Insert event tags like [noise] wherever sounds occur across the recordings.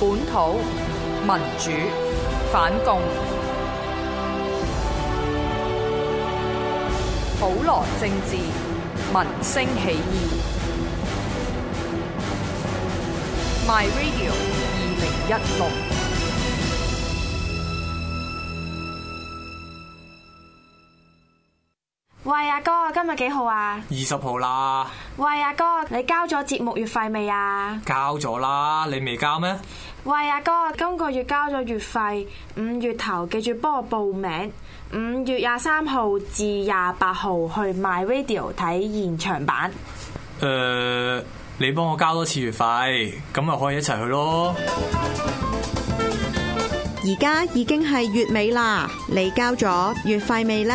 本土民主反共，普羅政治民生起義。My Radio 二零一六。喂，阿哥，今日幾號啊？二十號啦。喂，阿哥，你交咗節目月費未啊？交咗啦，你未交咩？喂，阿哥，今個月交咗月費，五月頭記住幫我報名，五月廿三號至廿八號去買 video 睇現場版。誒、呃，你幫我交多次月費，咁咪可以一齊去咯。而家已經係月尾啦，你交咗月費未呢？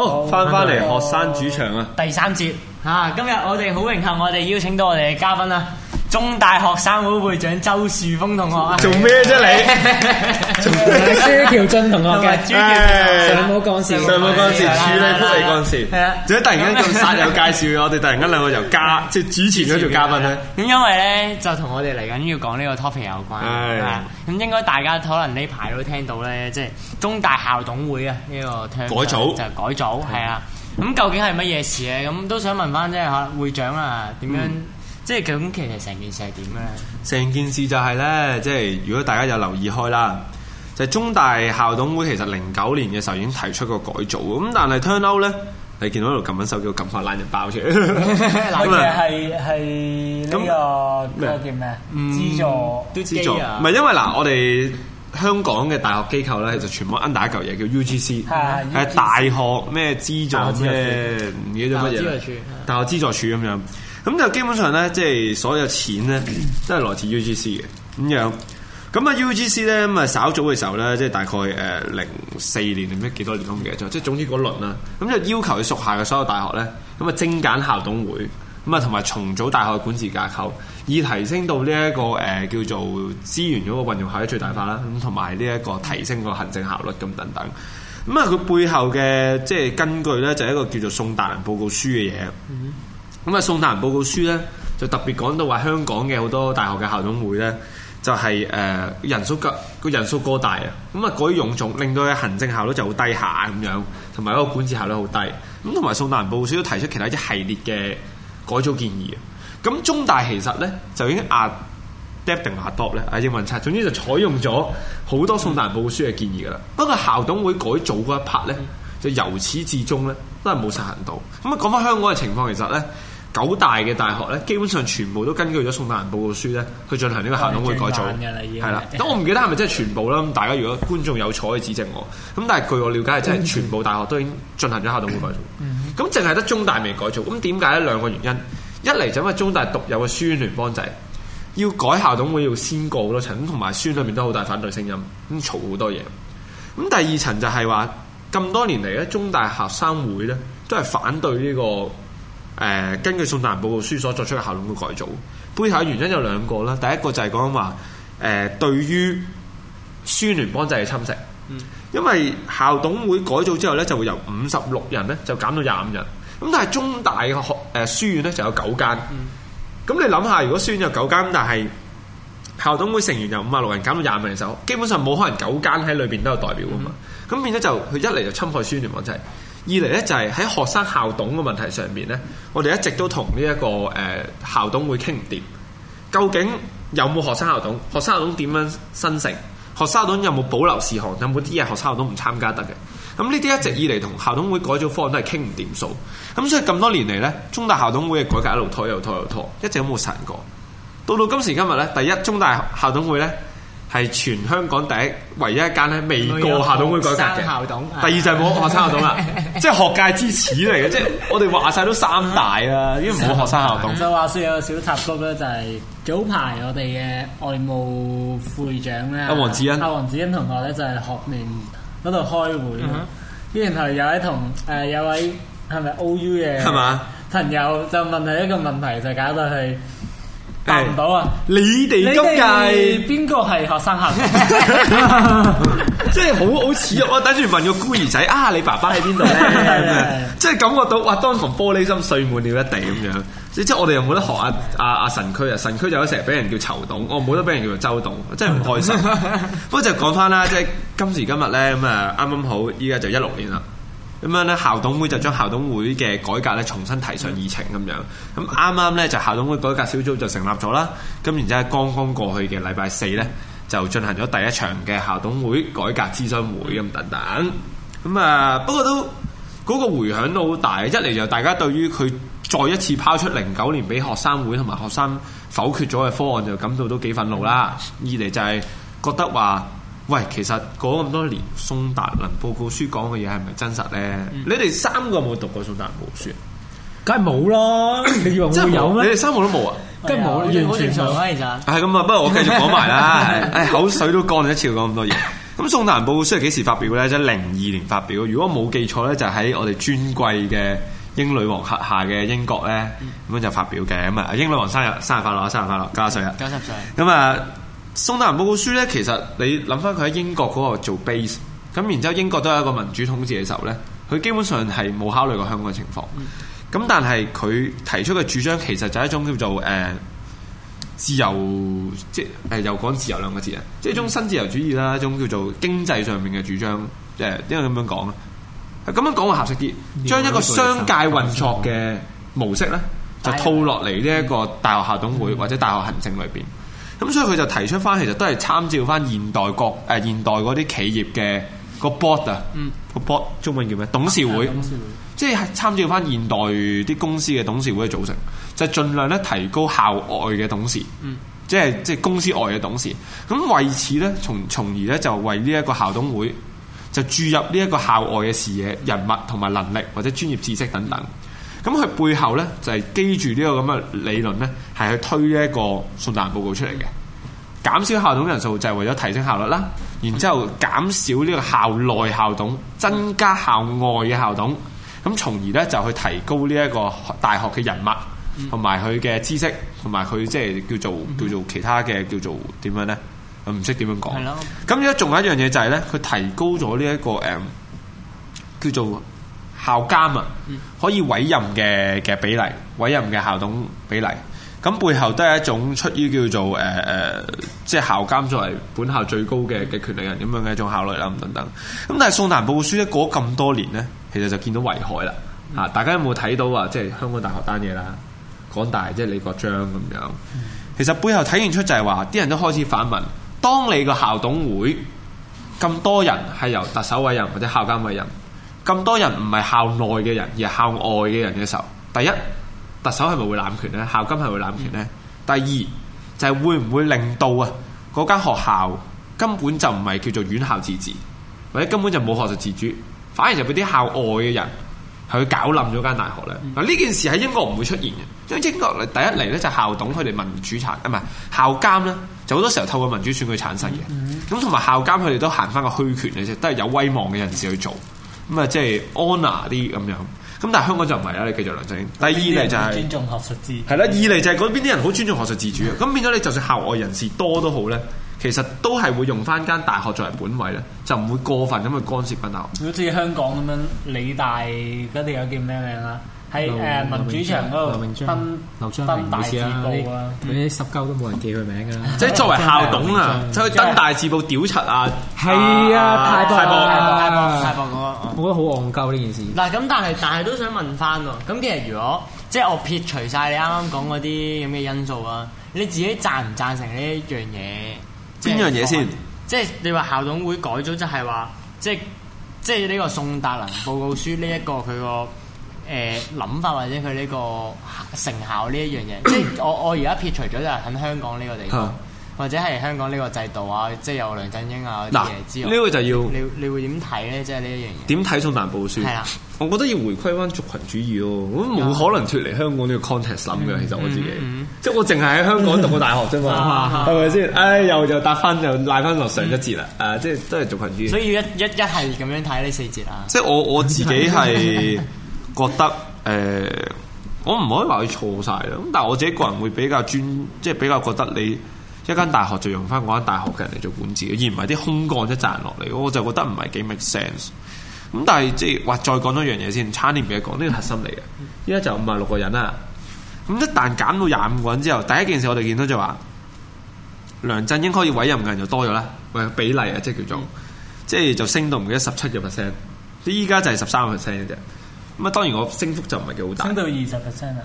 好，翻返嚟學生主場啊！第三節啊，今日我哋好榮幸，我哋邀請到我哋嘅嘉賓啦。中大學生會會長周樹峰同學做什麼、啊，做咩啫你？ [laughs] 做什麼笑朱喬俊同學嘅，唔好講笑，唔好講笑。處理福利嗰陣時，係啊，仲有突然間咁煞有介紹我哋突然間兩個而家即係主持咗做嘉賓咧。咁因為咧就同我哋嚟緊要講呢個 topic 有關，係啊。咁應該大家可能呢排都聽到咧，即、就、係、是、中大校董會啊呢個改組就改組，係、就、啊、是。咁、嗯、究竟係乜嘢事咧？咁都想問翻即係嗬會長啊，點樣？即係咁，其實成件事係點咧？成件事就係、是、咧，即係如果大家有留意開啦，就是、中大校董會其實零九年嘅時候已經提出過改造，咁但係 turn out 咧，你見到喺度撳緊手叫「撳翻爛只爆出嚟。嗱、okay.，係係呢個叫咩、嗯？資助啲資助？唔係、啊、因為嗱，我哋香港嘅大學機構咧，就全部 under 一嚿嘢叫 UGC，係、啊、大學咩資助咩唔記得咗乜嘢？大學資助處，大學資助處咁、啊啊、樣。咁就基本上咧，即係所有錢咧都係來自 UGC 嘅咁樣。咁啊，UGC 咧咁啊，稍早嘅時候咧，即係大概誒零四年定咩幾多年都唔記得咗。即係總之嗰輪啦。咁就要求佢屬下嘅所有大學咧，咁啊精簡校董會，咁啊同埋重組大學嘅管治架構，以提升到呢一個誒叫做資源嗰個運用效率最大化啦。咁同埋呢一個提升個行政效率咁等等。咁啊，佢背後嘅即係根據咧就係一個叫做宋達能報告書嘅嘢。嗯咁啊，宋達人報告書咧就特別講到話香港嘅好多大學嘅校董會咧，就係、是呃、人數個人數過大啊，咁啊改用重令到行政效率就好低下咁樣，同埋嗰個管治效率好低。咁同埋宋達人報告書都提出其他一系列嘅改組建議。咁中大其實咧就已經壓 d e 定壓多呢 p 咧啊英文差，總之就採用咗好多宋達人報告書嘅建議噶啦，嗯。不過校董會改組嗰一 part 咧，就由始至終咧都係冇實行到。咁啊，講翻香港嘅情況，其實咧～九大嘅大學咧，基本上全部都根據咗《宋大人報告書》咧去進行呢個校董會改組。係、哦、啦。咁 [laughs] 我唔記得係咪真係全部啦。咁大家如果觀眾有錯，可以指正我。咁但係據我了解係真係全部大學都已經進行咗校董會改組。咁淨係得中大未改組。咁點解呢？兩個原因。一嚟就因為中大獨有嘅書院聯邦制，要改校董會要先過好多層同埋書裏面都好大反對聲音，咁嘈好多嘢。咁第二層就係話，咁多年嚟咧，中大學生會咧都係反對呢、呢個。誒，根據《宋大報告書》所作出嘅校董會改造，背後嘅原因有兩個啦。第一個就係講話誒，對於宣聯邦制嘅侵蝕。嗯、因為校董會改造之後咧，就會由五十六人咧，就減到廿五人。咁但係中大嘅學誒、呃、書院咧就有九間。咁、嗯、你諗下，如果書院有九間，但係校董會成員由五十六人減到廿五人嘅時候，基本上冇可能九間喺裏邊都有代表㗎嘛。咁、嗯、變咗就佢一嚟就侵害宣聯邦制。二嚟咧就係喺學生校董嘅問題上面咧，我哋一直都同呢一個誒校董會傾唔掂，究竟有冇學生校董？學生校董點樣生成？學生校董有冇保留事項？有冇啲嘢學生校董唔參加得嘅？咁呢啲一直以嚟同校董會改組方案都係傾唔掂數。咁所以咁多年嚟咧，中大校董會嘅改革一路拖又拖又拖，一直冇成過。到到今時今日咧，第一，中大校董會咧。係全香港第一、唯一一間咧未過校董會改革嘅。第二就冇學生校董啦， [laughs] 即係學界之恥嚟嘅。 [laughs] 即係我哋話晒都三大啦，因為冇學生校董。就話説有一個小插曲咧，就係、是、早排我哋嘅外務副會長咧，阿黃子欣，阿黃子欣同學咧就係、是、學年嗰度開會，呢、嗯、住然後有，一同、呃、有一位同誒有位係咪 O U 嘅朋友就問佢一個問題，就搞到佢。辦唔到啊你！你哋今屆邊個係學生客？即係好好似我等住問個孤兒仔啊！你爸爸喺邊度咧？即 [laughs] 係對對對笑感覺到哇，當堂玻璃心碎滿了一地咁樣。 [laughs] 即係我哋又冇得學啊，阿神區啊！神區就有成日俾人叫囚董，我冇得俾人叫做周董，真係唔開心。 [laughs] 不過就講翻啦，即、就、係、是、今時今日咧咁啊，啱啱好依家就一六年啦。咁樣咧，校董會就將校董會嘅改革咧重新提上議程咁樣。咁啱啱咧就校董會改革小組就成立咗啦。咁然之後，剛剛過去嘅禮拜四咧就進行咗第一場嘅校董會改革諮詢會咁等等。咁啊，不過都嗰、那個迴響都好大。一嚟就大家對於佢再一次拋出零九年俾學生會同埋學生否決咗嘅方案就感到都幾憤怒啦。二嚟就係覺得話。喂，其實過咁多年，宋達倫報告書講嘅嘢係咪真實咧、嗯？你哋三個冇讀過宋達倫報告書？梗係冇啦， [coughs] 你以為我會有咩？你哋三個都冇啊？梗係冇，好正常啊，其實係咁啊。不過我繼續講埋啦，係 [laughs] 口水都乾咗一次講咁多嘢。咁宋 [coughs] 達倫報告書係幾時發表嘅咧？即係零二年發表。如果冇記錯咧，就喺、是、我哋尊貴嘅英女王轄下嘅英國咧，咁、嗯、樣就發表嘅。咁啊，英女王生日生日快樂，生日快樂，九十歲啊，九十歲、歲。咁啊。《宋達能報告書》咧，其實你諗翻佢喺英國嗰個做 base，咁然之後英國都有一個民主統治嘅時候咧，佢基本上係冇考慮過香港嘅情況。咁、嗯、但係佢提出嘅主張，其實就係一種叫做、呃、自由，即係又講自由兩個字啊，即係一種新自由主義啦，一種叫做經濟上面嘅主張。點解咁樣講咧？係咁樣講會合適啲，將一個商界運作嘅模式咧，就套落嚟呢一個大學校董會、嗯、或者大學行政裏面。咁所以佢就提出翻，其實都係參照翻現代國誒現代嗰啲企業嘅個 board 啊、嗯，個 board 中文叫咩？董事會，即係參照翻現代啲公司嘅董事會嘅、就係、組成，就係、盡量咧提高校外嘅董事，即係即係公司外嘅董事。咁為此咧，從從而咧就為呢一個校董會就注入呢一個校外嘅視野、嗯、人物同埋能力或者專業知識等等。嗯咁佢背後咧就係、是、記住呢個咁嘅理論咧，係去推呢一個送達報告出嚟嘅。減少校董人數就係為咗提升效率啦。然之後減少呢個校內校董，增加校外嘅校董，咁、嗯、從而咧就去提高呢一個大學嘅人脈，同埋佢嘅知識，同埋佢即係叫做叫做其他嘅叫做點樣咧？我唔識點樣講。咁而家仲有一樣嘢就係、是、咧，佢提高咗呢一個、嗯、叫做。校監啊，可以委任嘅嘅比例，嗯、委任嘅校董比例，咁背後都係一種出於叫做即係、呃、校監作為本校最高嘅嘅權力人咁樣嘅一種考慮啦，咁等等。咁但係《宋南報告書》咧過咗咁多年呢，其實就見到危害啦。啊、嗯，大家有冇睇到啊？即係香港大學單嘢啦，港大即係李國章咁樣。其實背後體現出就係、是、話，啲人都開始反問：當你個校董會咁多人係由特首委任或者校監委任？咁多人唔係校內嘅人，而係校外嘅人嘅時候，第一特首係咪會攬權呢？校監係會攬權呢？嗯、第二就係、是、會唔會令到啊嗰間學校根本就唔係叫做院校自治，或者根本就冇學術自主，反而就俾啲校外嘅人去搞冧咗間大學呢？嗱、嗯，呢件事喺英國唔會出現嘅，因為英國第一嚟呢，就校董佢哋民主產，唔係校監呢，就好多時候透過民主選舉產生嘅，咁同埋校監佢哋都行翻個虛權嘅啫，都係有威望嘅人士去做。咁啊，即係 honor 啲咁樣，咁但係香港就唔係啦，你繼續梁振英。第二嚟就係、是、尊重學術自主，係啦。二嚟就係嗰邊啲人好尊重學術自主咁 [laughs] 變咗你就算校外人士多都好咧，其實都係會用翻間大學作為本位咧，就唔會過分咁去干涉緊大學。好似香港咁樣，理大嗰條友叫咩名啊？喺誒民主牆嗰度登劉明章劉章登大字報啊，佢啲、啊嗯、十鳩都冇人記佢名㗎啦！嗯、即係作為校董啊，走去登大字報屌柒啊！係、就是、啊，太暴、啊！太暴！太暴！咁、那個、我覺得好戇鳩呢件事。嗱咁，但係但係都想問翻咯。咁其實如果即係我撇除晒你啱啱講嗰啲咁嘅因素啊，你自己贊唔贊成呢一樣嘢？邊樣嘢先？即係你話校董會改咗，即係話即係即係呢個宋達能報告書呢一個佢個。誒、呃、諗法或者佢呢個成效呢一樣嘢，即係我我而家撇除咗就係喺香港呢個地方， [coughs] 或者係香港呢個制度啊，即係有梁振英啊之外，呢、呢個就要你你會點睇咧？即係呢一樣嘢點睇《宋彈步書》？係啊，我覺得要回歸翻族群主義咯、啊，我冇可能脫離香港呢個 context 諗、嗯、嘅。其實我自己，嗯嗯、即係我淨係喺香港讀過大學啫、嗯、嘛，係咪先？唉、嗯啊啊啊哎，又就答翻，又賴翻落上一節啦。誒、嗯啊，即係都係族群主義。所以要一一一係咁樣睇呢四節啊？即係我我自己係。 [laughs] 覺得誒、呃，我唔可以話佢錯晒咯。咁但係我自己個人會比較專，即係比較覺得你一間大學就用翻嗰間大學嘅人嚟做管治，而唔係啲空降一攢落嚟，我就覺得唔係幾 make sense。咁但係即係話再講多樣嘢先，差啲唔記得講，呢個核心嚟嘅。依家就五十六個人啦，咁一旦減到廿五個人之後，第一件事我哋見到就話，梁振英可以委任嘅人就多咗啦。喂，比例啊，即係叫做，嗯、即係就升到唔記得十七嘅 percent，啲依家就係十三 percent 嘅啫。咁啊，當然我升幅就唔係幾好大，升到二十 percent 啊，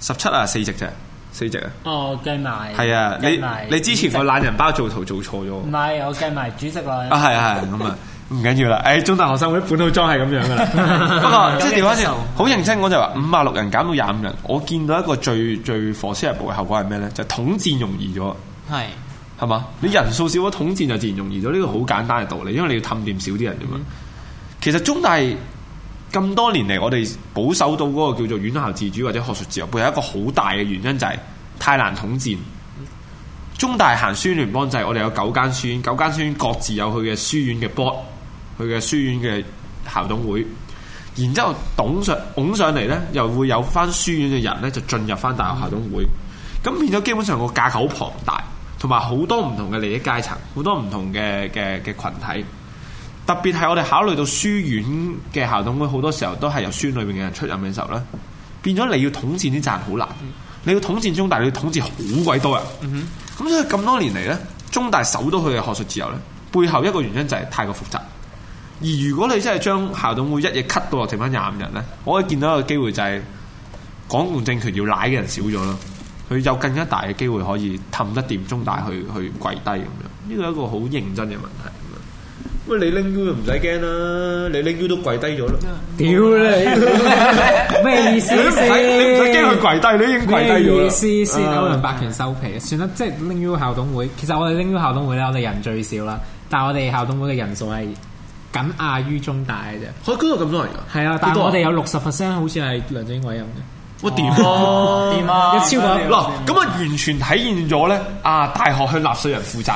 十七啊，四席啫，四席啊，哦，計埋，係啊，你你之前個懶人包做圖做錯咗，唔係，我計埋主席咯，啊、嗯哦、 [laughs] 係係，咁啊，唔緊要啦，誒，中大學生會本套裝係咁樣噶啦， [laughs] 不過即係調返之後好認真，我就話五啊六人減到廿五人，我見到一個最最 foreseeable 嘅後果係咩咧？就是、統戰容易咗，係係嘛？你人數少咗統戰就自然容易咗，呢個好簡單嘅道理，因為你要氹掂少啲人啫嘛、嗯。其實中大。咁多年嚟，我哋保守到嗰個叫做院校自主或者學術自由，佢有一個好大嘅原因就係太難統戰。中大行書院聯邦就係我哋有九間書院，九間書院各自有佢嘅書院嘅 board，佢嘅書院嘅校董會，然之後拱上拱上嚟呢，又會有翻書院嘅人呢就進入翻大學校董會，咁變咗基本上個架構龐大，同埋好多唔同嘅利益階層，好多唔同嘅嘅嘅群體。特別係我哋考慮到書院嘅校董會好多時候都係由書院裏面嘅人出任嘅時候咧，變咗你要統戰啲責任好難。你要統戰中大，你要統治好鬼多人。咁、嗯、所以咁多年嚟咧，中大守到佢嘅學術自由咧，背後一個原因就係太過複雜。而如果你真係將校董會一嘢 cut 到落剩翻廿五人咧，我可以見到一個機會就係、是、港共政權要舐嘅人少咗咯，佢有更加大嘅機會可以氹得掂中大去去跪低咁樣。呢個係一個好認真嘅問題。不乜你拎 U 就唔使驚啦，你拎 U 都跪低咗啦！屌你，咩 [laughs] 意思你不？你唔使驚佢跪低，你已經跪低咗。意思？意思可能百團收皮，算啦。即係拎 U 校董會，其實我哋拎 U 校董會咧，我哋人最少啦，但係我哋校董會嘅人數係僅亞於中大嘅啫。可以高到咁多人㗎？係啊，但我哋有六十 percent 好似係梁振英委任嘅。我掂咯，掂啊，超過，嗱咁啊，哦、啊啊啊啊啊啊完全體現咗咧啊！大學向納稅人負責，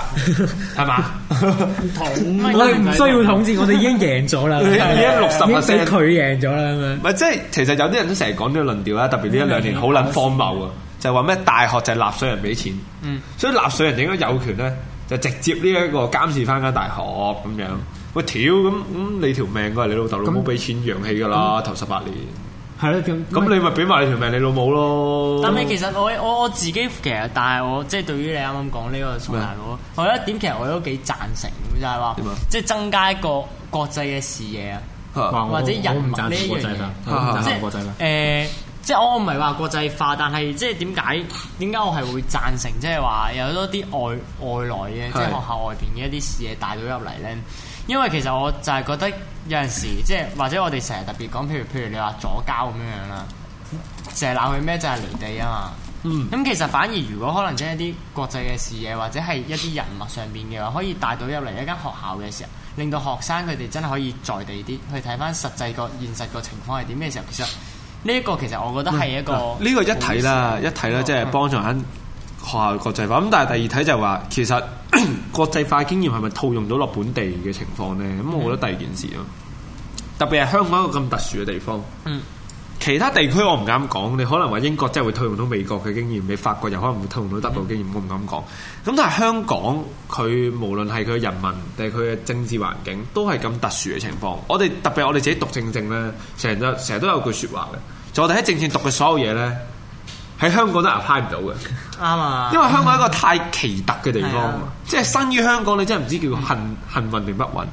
係 [laughs] 嘛？同 [laughs] 我哋唔需要統治， [laughs] 我哋已經贏咗啦。已經六十啊，勝佢贏咗啦咁樣。唔係，即係其實有啲人都成日講呢個論調啦，特別呢一兩年好捻荒謬啊！就話、係、咩大學就係納稅人俾錢，嗯，所以納稅人應該有權咧，就直接呢一個監視翻間大學咁樣。喂，屌咁咁，你條命係你老豆老母俾錢養起噶啦、嗯，頭十八年。係咧，咁你咪俾埋你條命你老母咯。但係其實我我我自己其實，但係我即係對於你啱啱講呢個重大咯，我有一點其實我都幾贊成，就係話即係增加一個國際嘅視野啊，或者人民呢樣嘢，即係誒。即係我唔係話國際化，但係即係點解點解我係會贊成即係話有多啲外外來嘅即係學校外邊嘅一啲視野帶到入嚟咧？因為其實我就係覺得有陣時即係或者我哋成日特別講，譬如譬如你話左膠咁樣樣啦，成日鬧佢咩就係離地啊嘛。咁、嗯、其實反而如果可能將一啲國際嘅視野或者係一啲人物上邊嘅話，可以帶到入嚟一間學校嘅時候，令到學生佢哋真係可以在地啲去睇返實際個現實個情況係點嘅時候，其實。呢、這、一個其實我覺得係一個呢、嗯啊這個一睇啦，啊、一睇啦，即係幫助緊學校的國際化。咁、嗯、但係第二睇就係話，其實國際化經驗係咪套用咗落本地嘅情況咧？咁、嗯、我覺得第二件事咯。特別係香港一個咁特殊嘅地方。嗯，其他地區我唔敢講，你可能話英國即係會套用到美國嘅經驗，你法國又可能會套用到德國的經驗，嗯，我唔敢講。咁但係香港佢無論係佢人民定係佢嘅政治環境，都係咁特殊嘅情況。我哋特別係我哋自己讀政政咧，成日成日都有句説話嘅。就我哋喺政治讀嘅所有嘢咧，喺香港都 apply 唔到嘅。啱啊！因為香港係一個太奇特嘅地方，即係生於香港，你真係唔知叫幸幸運定不運。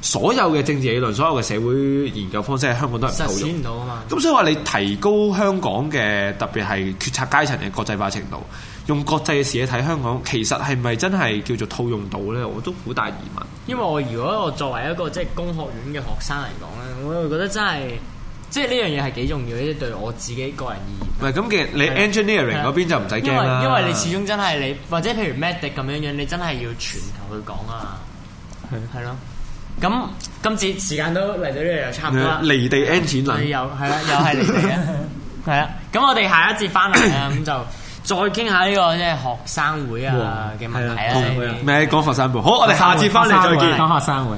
所有嘅政治理論，所有嘅社會研究方式，喺香港都係實踐唔到啊嘛。咁所以話你提高香港嘅特別係決策階層嘅國際化程度，用國際嘅視野睇香港，其實係咪真係叫做套用到咧？我都好大疑問。因為我如果我作為一個即係、就是、工學院嘅學生嚟講咧，我就覺得真係。即係呢樣嘢係幾重要呢啲對我自己個人意義。唔係咁，其實你 engineering 嗰邊就唔使驚，因為你始終真係你，或者譬如 medic 咁樣樣，你真係要全球去講啊。係係咯。咁、嗯、今次時間都嚟到呢度又差唔多啦。離地 engineer 又係啦，又係離地啊。係 [laughs] 啊。咁我哋下一節翻嚟啊，咁 [coughs] 就再傾下呢個即係學生會啊嘅問題啊。咩講學生會？好，我哋下次翻嚟再見。講學生會。